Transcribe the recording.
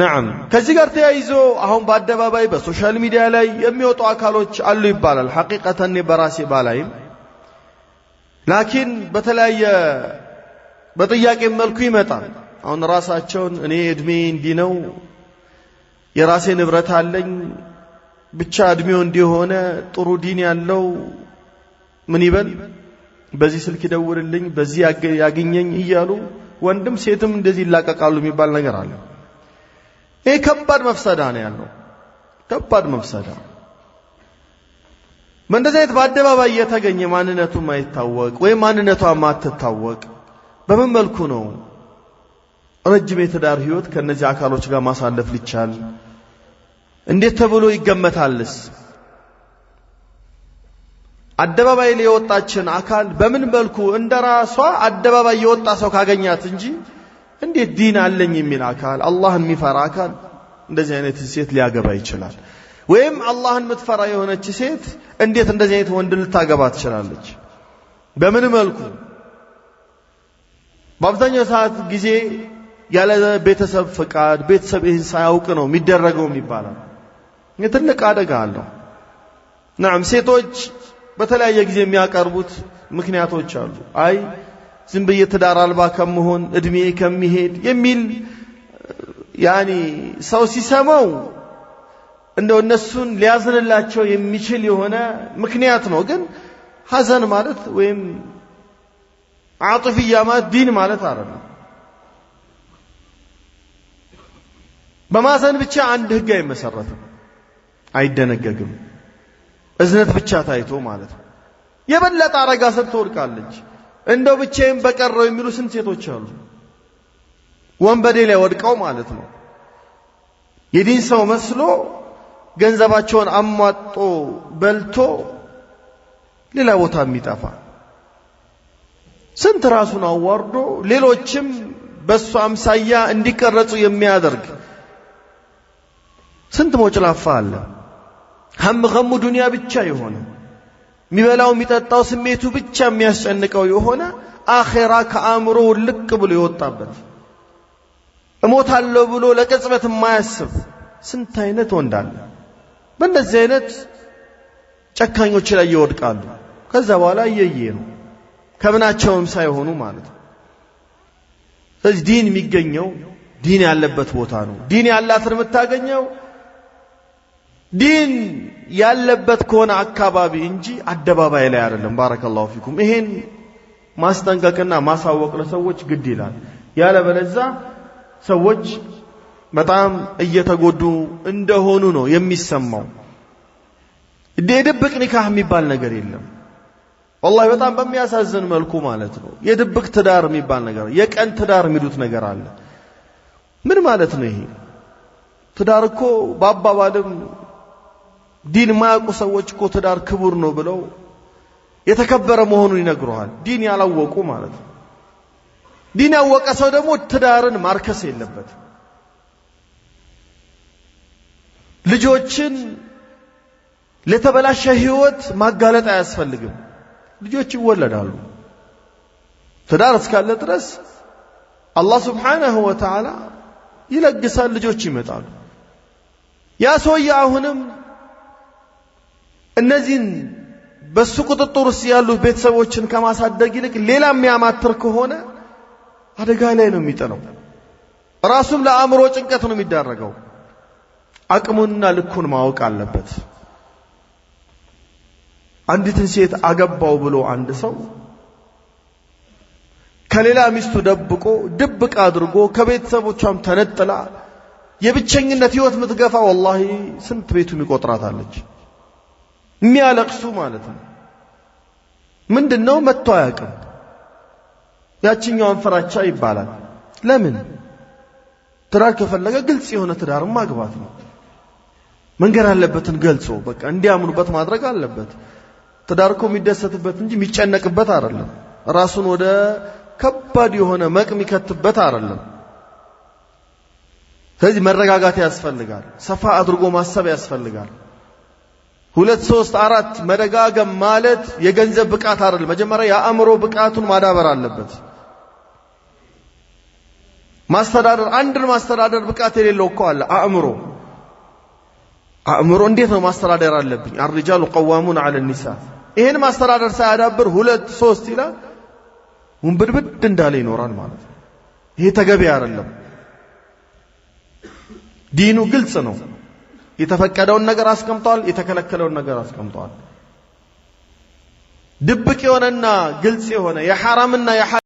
ናም ከዚህ ጋር ተያይዞ አሁን በአደባባይ በሶሻል ሚዲያ ላይ የሚወጡ አካሎች አሉ ይባላል። ሐቂቀተን በራሴ ባላይም ላኪን በተለያየ በጥያቄ መልኩ ይመጣል። አሁን ራሳቸውን እኔ እድሜ እንዲህ ነው፣ የራሴ ንብረት አለኝ፣ ብቻ እድሜው እንዲሆነ ጥሩ ዲን ያለው ምን ይበል፣ በዚህ ስልክ ይደውልልኝ፣ በዚህ ያገኘኝ እያሉ ወንድም ሴትም እንደዚህ ይላቀቃሉ የሚባል ነገር አለ። ይሄ ከባድ መፍሰዳ ነው ያለው። ከባድ መፍሰዳ በእንደዚህ አይነት በአደባባይ እየተገኘ ማንነቱ ማይታወቅ ወይም ማንነቷ ማትታወቅ በምን መልኩ ነው ረጅም የትዳር ህይወት ከእነዚህ አካሎች ጋር ማሳለፍ ሊቻል እንዴት ተብሎ ይገመታልስ? አደባባይ ላይ የወጣችን አካል በምን መልኩ እንደ ራሷ አደባባይ የወጣ ሰው ካገኛት እንጂ እንዴት ዲን አለኝ የሚል አካል አላህን የሚፈራ አካል እንደዚህ አይነት ሴት ሊያገባ ይችላል። ወይም አላህን የምትፈራ የሆነች ሴት እንዴት እንደዚህ አይነት ወንድ ልታገባ ትችላለች? በምን መልኩ? በአብዛኛው ሰዓት ጊዜ ያለ ቤተሰብ ፍቃድ ቤተሰብ ይህን ሳያውቅ ነው የሚደረገውም ይባላል። ትልቅ አደጋ አለው። ናም ሴቶች በተለያየ ጊዜ የሚያቀርቡት ምክንያቶች አሉ። አይ ዝም ብዬ ትዳር አልባ ከመሆን እድሜ ከሚሄድ የሚል ያኒ ሰው ሲሰማው እንደው እነሱን ሊያዝንላቸው የሚችል የሆነ ምክንያት ነው። ግን ሐዘን ማለት ወይም አጥፍያ ማለት ዲን ማለት አይደለም። በማዘን ብቻ አንድ ህግ አይመሰረትም፣ አይደነገግም። እዝነት ብቻ ታይቶ ማለት ነው። የበለጠ አረጋ ስር ትወድቃለች። እንደው ብቻዬን በቀረው የሚሉ ስንት ሴቶች አሉ። ወንበዴ ላይ ወድቀው ማለት ነው። የዲን ሰው መስሎ ገንዘባቸውን አሟጦ በልቶ ሌላ ቦታ የሚጠፋ ስንት ራሱን አዋርዶ ሌሎችም በእሱ አምሳያ እንዲቀረጹ የሚያደርግ ስንት ሞጭላፋ አለ። ሀም ኸሙ ዱንያ ብቻ የሆነው የሚበላው የሚጠጣው ስሜቱ ብቻ የሚያስጨንቀው የሆነ አኼራ ከአእምሮ ልቅ ብሎ የወጣበት እሞታለሁ ብሎ ለቅጽበት የማያስብ ስንት አይነት ወንድ አለ። በእነዚህ አይነት ጨካኞች ላይ ይወድቃሉ። ከዛ በኋላ እየየ ነው ከምናቸውም ሳይሆኑ ማለት ነው። ስለዚህ ዲን የሚገኘው ዲን ያለበት ቦታ ነው። ዲን ያላትን የምታገኘው ዲን ያለበት ከሆነ አካባቢ እንጂ አደባባይ ላይ አይደለም። ባረከላሁ ፊኩም። ይሄን ማስጠንቀቅና ማሳወቅ ለሰዎች ግድ ይላል። ያለበለዛ ሰዎች በጣም እየተጎዱ እንደሆኑ ነው የሚሰማው። የድብቅ ኒካህ የሚባል ነገር የለም። ወላሂ በጣም በሚያሳዝን መልኩ ማለት ነው። የድብቅ ትዳር የሚባል ነገር፣ የቀን ትዳር የሚሉት ነገር አለ። ምን ማለት ነው ይሄ? ትዳር እኮ በአባባልም ዲን ማያውቁ ሰዎች እኮ ትዳር ክቡር ነው ብለው የተከበረ መሆኑን ይነግረዋል። ዲን ያላወቁ ማለት ነው። ዲን ያወቀ ሰው ደግሞ ትዳርን ማርከስ የለበት። ልጆችን ለተበላሸ ህይወት ማጋለጥ አያስፈልግም። ልጆች ይወለዳሉ። ትዳር እስካለ ድረስ አላህ ስብሓነሁ ወተዓላ ይለግሳል። ልጆች ይመጣሉ። ያ ሰውዬ አሁንም እነዚህን በሱ ቁጥጥር ውስጥ ያሉ ቤተሰቦችን ከማሳደግ ይልቅ ሌላ የሚያማትር ከሆነ አደጋ ላይ ነው የሚጥለው። ራሱም ለአእምሮ ጭንቀት ነው የሚዳረገው። አቅሙንና ልኩን ማወቅ አለበት። አንዲትን ሴት አገባው ብሎ አንድ ሰው ከሌላ ሚስቱ ደብቆ ድብቅ አድርጎ ከቤተሰቦቿም ተነጥላ የብቸኝነት ሕይወት ምትገፋ ወላሂ ስንት ቤቱም ይቆጥራታለች። የሚያለቅሱ ማለት ነው። ምንድን ነው መጥቶ አያውቅም። ያችኛዋን ፍራቻ ይባላል። ለምን ትዳር ከፈለገ ግልጽ የሆነ ትዳር ማግባት ነው። መንገድ አለበትን ገልጾ በቃ እንዲያምኑበት ማድረግ አለበት። ትዳር እኮ የሚደሰትበት እንጂ የሚጨነቅበት አይደለም። ራሱን ወደ ከባድ የሆነ መቅ የሚከትበት አይደለም። ስለዚህ መረጋጋት ያስፈልጋል። ሰፋ አድርጎ ማሰብ ያስፈልጋል። ሁለት ሶስት አራት መደጋገም ማለት የገንዘብ ብቃት አይደለም። መጀመሪያ የአእምሮ ብቃቱን ማዳበር አለበት። ማስተዳደር አንድን ማስተዳደር ብቃት የሌለው እኮ አለ። አእምሮ አእምሮ እንዴት ነው ማስተዳደር አለብኝ? አርጃሉ ቀዋሙን አለ ኒሳ። ይህን ማስተዳደር ሳያዳብር ሁለት ሶስት ይላል ውንብድብድ እንዳለ ይኖራል ማለት ነው። ይሄ ተገቢ አይደለም። ዲኑ ግልጽ ነው። የተፈቀደውን ነገር አስቀምጠዋል፣ የተከለከለውን ነገር አስቀምጠዋል። ድብቅ የሆነና ግልጽ የሆነ የሐራምና